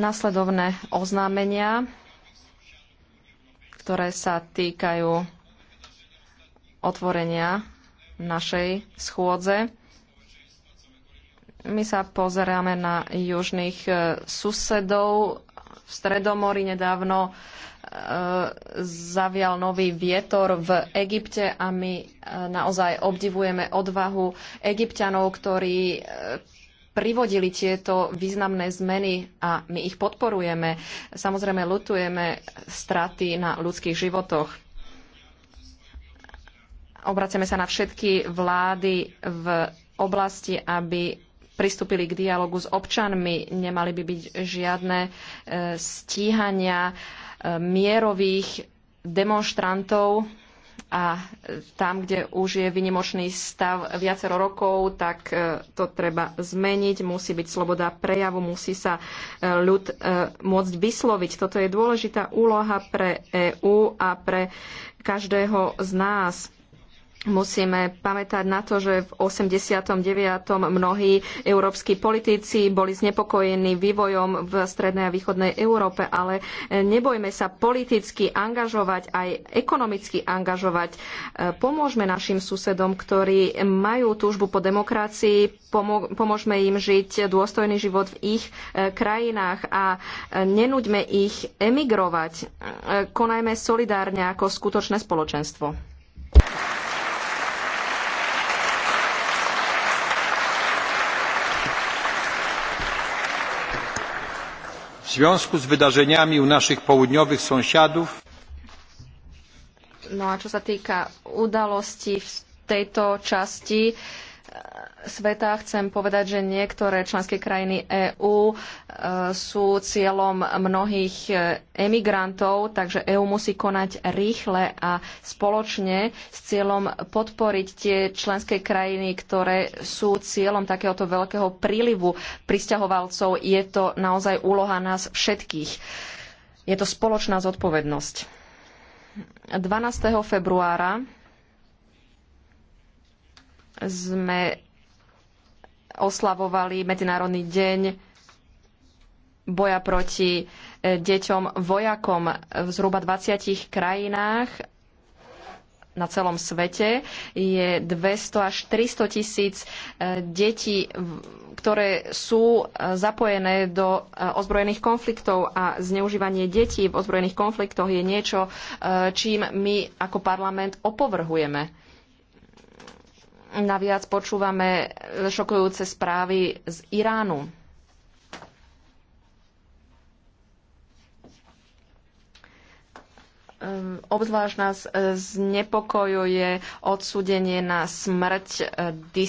nasledovné oznámenia, ktoré sa týkajú otvorenia našej schôdze. My sa pozeráme na južných e, susedov. V Stredomori nedávno e, zavial nový vietor v Egypte a my e, naozaj obdivujeme odvahu egyptianov, ktorí privodili tieto významné zmeny a my ich podporujeme. Samozrejme, lutujeme straty na ľudských životoch. Obraceme sa na všetky vlády v oblasti, aby pristúpili k dialogu s občanmi, nemali by byť žiadne e, stíhania e, mierových demonstrantov a tam, kde už je vynimočný stav viacero rokov, tak e, to treba zmeniť. Musí byť sloboda prejavu, musí sa e, ľud e, môcť vysloviť. Toto je dôležitá úloha pre EÚ a pre každého z nás. Musíme pamätať na to, že v 89. mnohí európski politici boli znepokojení vývojom v strednej a východnej Európe, ale e, nebojme sa politicky angažovať, aj ekonomicky angažovať. E, pomôžme našim susedom, ktorí majú túžbu po demokracii, pomôžme im žiť dôstojný život v ich e, krajinách a nenúďme ich emigrovať. Konajme solidárne ako skutočné spoločenstvo. W związku z wydarzeniami u naszych południowych sąsiadów No a tejto sveta chcem povedať, že niektoré členské krajiny EÚ e, sú cieľom mnohých e, emigrantov, takže EÚ musí konať rýchle a spoločne s cieľom podporiť tie členské krajiny, ktoré sú cieľom takéhoto veľkého prílivu pristahovalcov. Je to naozaj úloha nás všetkých. Je to spoločná zodpovednosť. 12. februára sme oslavovali Medzinárodný deň boja proti e, deťom vojakom v zhruba 20 krajinách na celom svete. Je 200 až 300 tisíc e, detí, ktoré sú e, zapojené do ozbrojených konfliktov a zneužívanie detí v ozbrojených konfliktoch je niečo, čím my ako parlament opovrhujeme. Naviac počúvame šokujúce správy z Iránu. Ehm, obzvlášť nás znepokojuje odsudenie na smrť disiden eh,